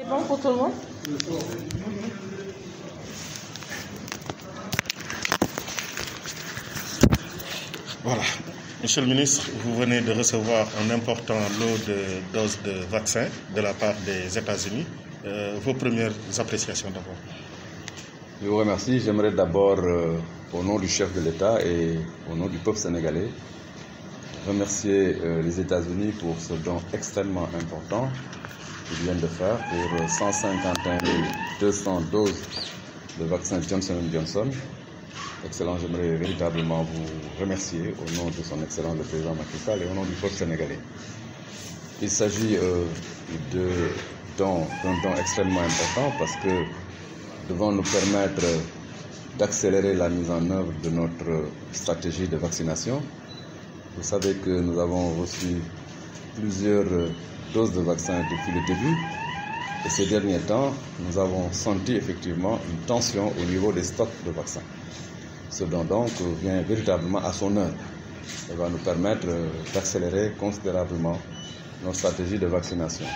C'est bon pour tout le monde Voilà. Monsieur le ministre, vous venez de recevoir un important lot de doses de vaccins de la part des États-Unis. Euh, vos premières appréciations d'abord. Je vous remercie. J'aimerais d'abord, euh, au nom du chef de l'État et au nom du peuple sénégalais, remercier euh, les États-Unis pour ce don extrêmement important qu'ils viennent de faire pour 151 200 doses de vaccin Johnson Johnson. Excellent, j'aimerais véritablement vous remercier au nom de son excellent le Président Macky Sall et au nom du peuple sénégalais. Il s'agit euh, d'un don extrêmement important parce que devons nous permettre d'accélérer la mise en œuvre de notre stratégie de vaccination. Vous savez que nous avons reçu plusieurs dose de vaccins depuis le début. Et ces derniers temps, nous avons senti effectivement une tension au niveau des stocks de vaccins. Ce dont donc vient véritablement à son heure et va nous permettre d'accélérer considérablement nos stratégies de vaccination.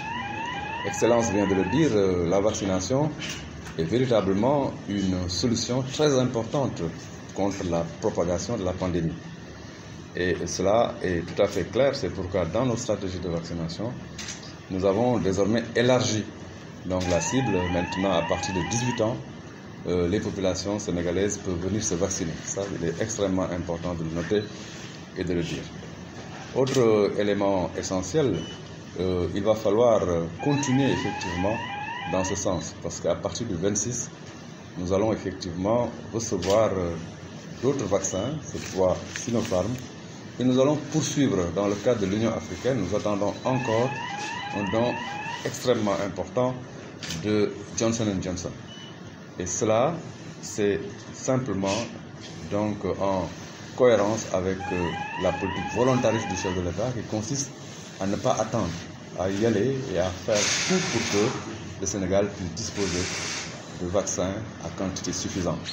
Excellence vient de le dire, la vaccination est véritablement une solution très importante contre la propagation de la pandémie. Et cela est tout à fait clair, c'est pourquoi dans nos stratégies de vaccination, nous avons désormais élargi donc, la cible. Maintenant, à partir de 18 ans, euh, les populations sénégalaises peuvent venir se vacciner. Ça, il est extrêmement important de le noter et de le dire. Autre euh, élément essentiel, euh, il va falloir continuer effectivement dans ce sens, parce qu'à partir du 26, nous allons effectivement recevoir d'autres vaccins, ce soit Sinopharm, et nous allons poursuivre dans le cadre de l'Union africaine. Nous attendons encore un don extrêmement important de Johnson Johnson. Et cela, c'est simplement donc en cohérence avec euh, la politique volontariste du chef de l'État qui consiste à ne pas attendre, à y aller et à faire tout pour que le Sénégal puisse disposer de vaccins à quantité suffisante.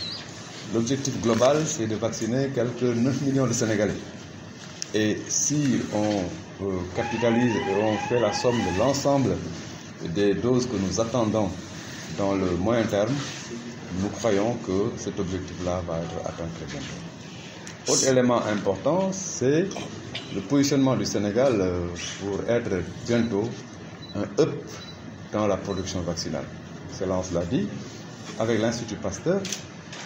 L'objectif global, c'est de vacciner quelques 9 millions de Sénégalais. Et si on euh, capitalise et on fait la somme de l'ensemble des doses que nous attendons dans le moyen terme, nous croyons que cet objectif-là va être atteint très bientôt. Autre élément important, c'est le positionnement du Sénégal euh, pour être bientôt un up dans la production vaccinale. Cela, on se l'a dit, avec l'Institut Pasteur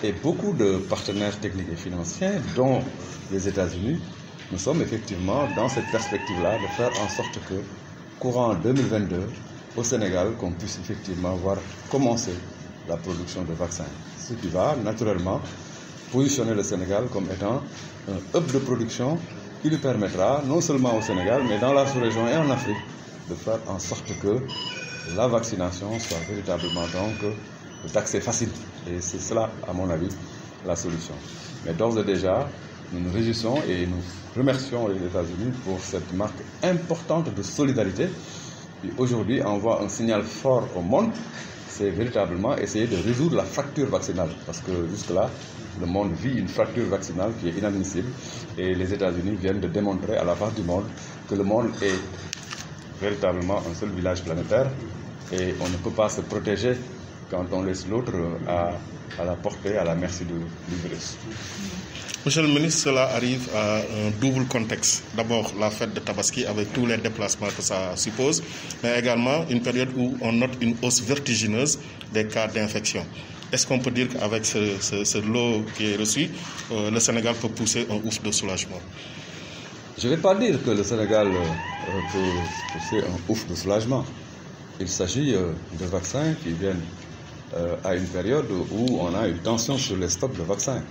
et beaucoup de partenaires techniques et financiers, dont les États-Unis, nous sommes effectivement dans cette perspective-là de faire en sorte que, courant 2022, au Sénégal, qu'on puisse effectivement voir commencer la production de vaccins. Ce qui va naturellement positionner le Sénégal comme étant un hub de production qui lui permettra, non seulement au Sénégal, mais dans la sous-région et en Afrique, de faire en sorte que la vaccination soit véritablement donc d'accès facile. Et c'est cela, à mon avis, la solution. Mais d'ores et déjà, nous nous réjouissons et nous remercions les États-Unis pour cette marque importante de solidarité qui aujourd'hui envoie un signal fort au monde. C'est véritablement essayer de résoudre la fracture vaccinale parce que jusque-là, le monde vit une fracture vaccinale qui est inadmissible et les États-Unis viennent de démontrer à la face du monde que le monde est véritablement un seul village planétaire et on ne peut pas se protéger quand on laisse l'autre à, la portée, à la merci de l'ivresse. Monsieur le ministre, cela arrive à un double contexte. D'abord, la fête de Tabaski avec tous les déplacements que ça suppose, mais également une période où on note une hausse vertigineuse des cas d'infection. Est-ce qu'on peut dire qu'avec ce, lot qui est reçu, euh, le Sénégal peut pousser un ouf de soulagement Je ne vais pas dire que le Sénégal euh, peut pousser un ouf de soulagement. Il s'agit euh, de vaccins qui viennent euh, à une période où on a une tension sur les stocks de vaccins.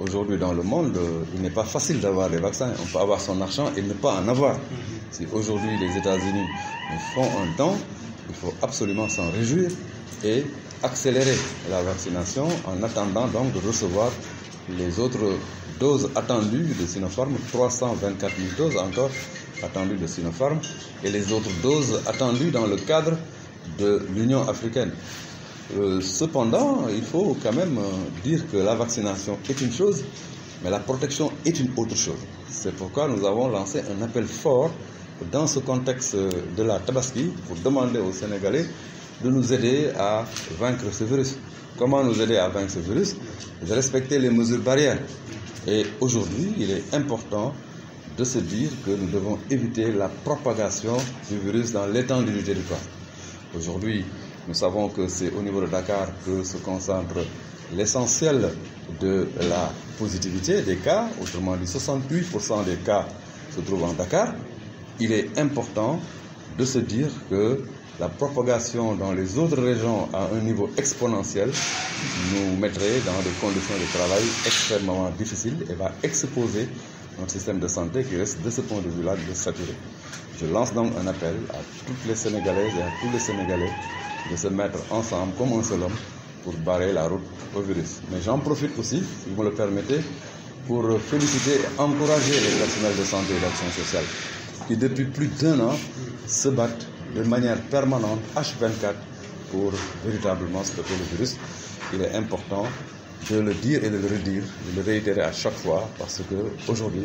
Aujourd'hui, dans le monde, euh, il n'est pas facile d'avoir des vaccins. On peut avoir son argent et ne pas en avoir. Mhm. Si aujourd'hui les États-Unis font un don, il faut absolument s'en réjouir et accélérer la vaccination en attendant donc de recevoir les autres doses attendues de Sinopharm, 324 000 doses encore attendues de Sinopharm, et les autres doses attendues dans le cadre de l'Union africaine. Euh, cependant, il faut quand même euh, dire que la vaccination est une chose, mais la protection est une autre chose. C'est pourquoi nous avons lancé un appel fort dans ce contexte euh, de la Tabaski pour demander aux Sénégalais de nous aider à vaincre ce virus. Comment nous aider à vaincre ce virus De respecter les mesures barrières. Et aujourd'hui, il est important de se dire que nous devons éviter la propagation du virus dans l'étendue du territoire. Aujourd'hui, nous savons que c'est au niveau de Dakar que se concentre l'essentiel de la positivité des cas, autrement dit 68% des cas se trouvent en Dakar. Il est important de se dire que la propagation dans les autres régions à un niveau exponentiel nous mettrait dans des conditions de travail extrêmement difficiles et va exposer notre système de santé qui reste de ce point de vue-là de saturé. Je lance donc un appel à toutes les Sénégalaises et à tous les Sénégalais de se mettre ensemble comme un seul homme pour barrer la route au virus. Mais j'en profite aussi, si vous me le permettez, pour féliciter et encourager les personnels de santé et d'action sociale qui depuis plus d'un an se battent de manière permanente, H24, pour véritablement stopper le virus. Il est important de le dire et de le redire, de le réitérer à chaque fois parce que aujourd'hui,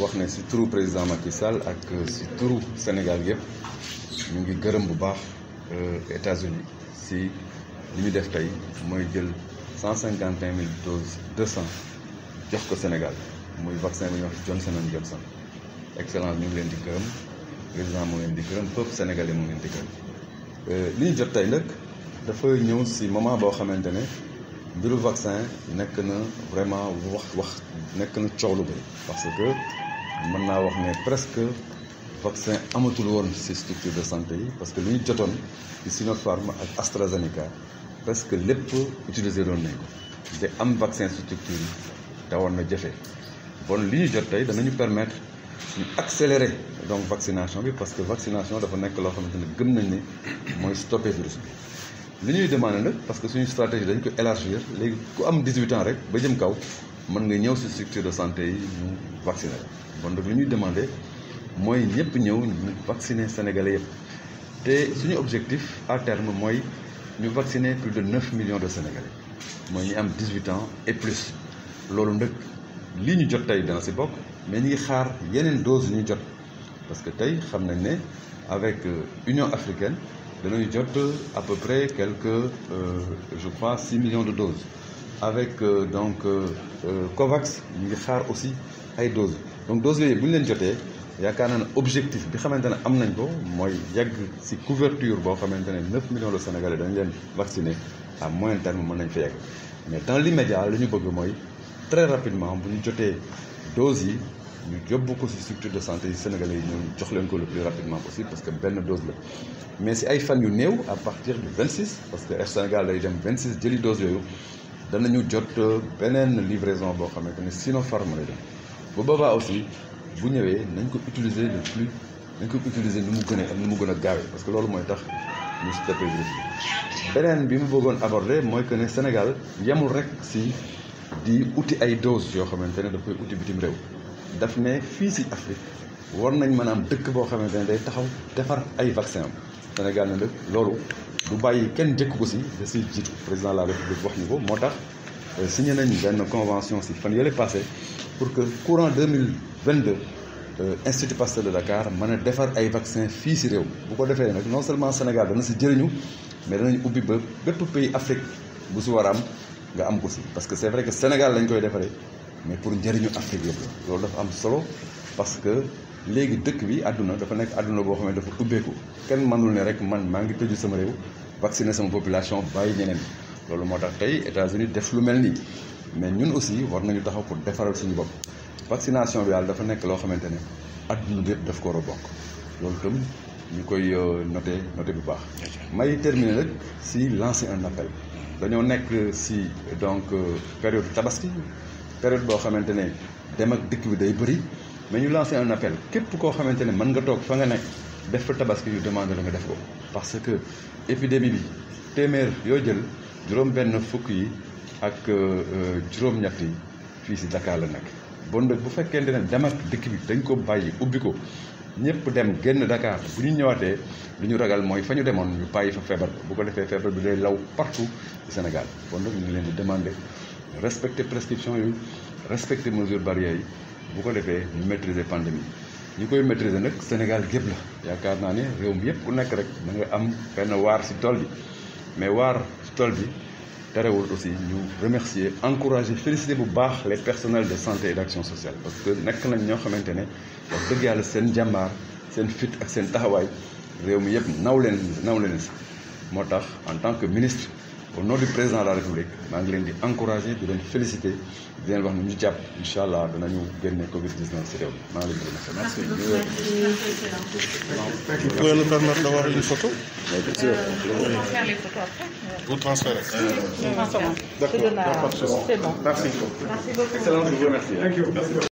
wax ne si turu président Macky Sall ak euh, si turu Sénégal yëpp ñu ngi gërëm bu baax euh, États-Unis si li ñu def tey mooy jël cent cinquante et mille doses cent jox ko Sénégal muy vaccin bi ñuy wax Johnson and Johnson excellence ñu ngi leen di gërëm président moo leen di gërëm peuple sénégalais moo ngi leen di euh, li ñu jot tey nag dafa ñëw si moment boo xamante ne mbiru vaccin nekk na vraiment wax wax nekk na coow lu bëri parce que mën naa wax ne presque vaccin amatul woon si structure de santé yi parce que li ñu jotoon ci Sinopharm ak AstraZeneca presque lépp utilisé doon nañ ko te am vaccin structure yi dawoon na jafe bon li ñu jot tey danañu permettre ñu accélérer donc vaccination bi parce que vaccination dafa nekk loo xamante ne gëm nañ ne mooy stopper virus bi li ñuy demandé parce que une stratégie dañ ko élargir léegi ku am 18 ans rek ba jëm kaw mën nga ñëw structure de santé yi ñu vacciné la bon de li ñuy demandé sénégalais et te suñu objectif à terme mooy ñu vacciner plus de 9 millions de sénégalais mooy ñi 18 ans et plus loolu nag li ñu jot tey dana si bokk mais ñu xaar dose ñu jot parce que nous xam nañ avec euh, Union africaine nous avons à peu près quelques euh, je crois 6 millions de doses avec euh, donc euh, COVAX nous avons xaar aussi des doses donc doses yooyu bu ñu leen jotee yaakaar un objectif bi avons ne couverture boo 9 millions de Sénégalais dañ sont vaccinés à moyen terme mais dans l'immédiat nous avons très rapidement bu ñu doses ñu yóbbu ko si structure de santé yi sénégalais yi ñoom jox leen ko le plus rapidement possible parce que benn dose la mais si ay fan yu à partir du 26 parce que Air Sénégal lay dem 26 jëli dose yooyu danañu jot euh, beneen livraison boo xamante ne Sinopharm lay dem bu boobaa aussi bu ñëwee nañ ko utiliser le plus nañ ko utiliser nous mu gën a nu mu parce que loolu mooy tax ñu stoppé virus bi beneen bi mu bëggoon aborder mooy que ne Sénégal yemul rek si di outil ay doses, yoo xamante ne daf depuis uti bitim daf ne fii si Afrique war nañ mën am dëkk boo xamante ne day taxaw defar ay vaccin Sénégal na nag loolu du bàyyi kenn jëkk ko si da jiitu président de la république wax ni ko moo tax euh, signé nañ benn convention si fan yële passé pour que courant 2022 euh, institut Pasteur de Dakar mën a defar ay vaccin fii si réew bu ko defee nag non seulement Sénégal dana si jëriñu mais danañ ubbi ba bépp pays Afrique bu si war am nga am ko si parce que c'est vrai que Sénégal lañ koy defaree mais pour njëriñu Afrique yëpp la loolu dafa am solo parce que léegi dëkk bi àdduna dafa nekk àdduna boo xam ne dafa ubbeeku kenn manul ne rek man maa ngi tëju sama réew vacciner sama population bàyyi ñeneen loolu moo tax tey États-Unis def lu mel nii mais ñun aussi war nañu taxaw pour defaral suñu bopp vaccination bi daal dafa nekk loo xamante ne àdduna bi yëpp daf ko war a bokk loolu itam ñu koy euh, noté noté bu baax. may terminé rek si lancer un appel dañoo nekk si donc euh, période tabaski période boo xamante dem ak bi day bëri mais ñu lancé un appel képp koo xamante ne nga toog fa nga parce que épidémie bi téeméer yoo jël juróom fukk yi ak euh, euh, si Dakar la nekk bon bu ne dem ak dikk bi dañ ko ubbi ko dem génn Dakar bu ñu ñëwaatee ñu ragal fa ñu ñu partout Sénégal bon ñu demander respecter prescription yi respecter mesures barrières yi bu ko defee ñu maîtriser pandémie ñi koy maîtriser nag Sénégal gépp la yaakaar naa ne réew mi yëpp ku nekk rek da nga am benn waar ci tool bi mais waar ci tool bi terewul aussi ñu remercier encourager féliciter bu baax les personnels de santé et d'action sociale parce que nekk nañ ñoo xamante ne wax dëgg yàlla seen jàmbaar seen fit ak seen taxawaay réew mi yëpp naw leen naw leen moo tax en tant que ministre au nom du président de la république je vous encourager, di Je Covid 19 merci vous nous permettre d'avoir photo. bien vous transférez. c'est bon. merci. merci beaucoup. excellent je vous